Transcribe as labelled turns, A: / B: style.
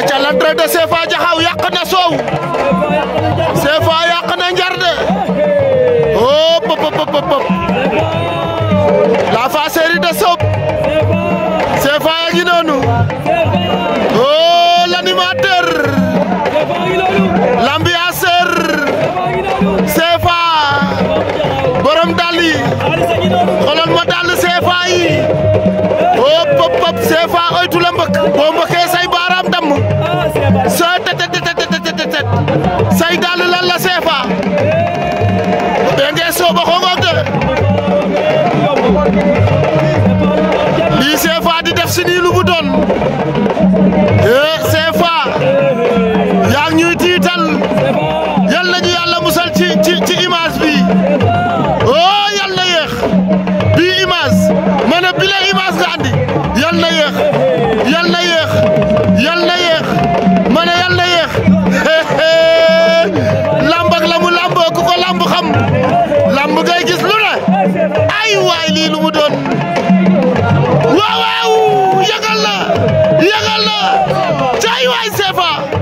A: aca l'entrée de CFA Jaxaw yàq na soow CFA yàq na njarde hop hop hop hop la fa série de sop. Sefa yaa ngi oh l'animateur l'ambianceur Sefa. borom dàll yi xoolal ma sefa CFA yi hop hop hop sefa oytu lambak. mbëkk yoon eh CFA yaa ngi ñuy tiital yal nañu yàlla musal ci ci bi oh yal na yéex bii image ma ne bile image nga andi yal na yéex yal na yéex yal yal na yéex lamb ak la mu ku ko lamb xam lamb ngay gis lu ne ay waay lii mu doon. cay waay CFA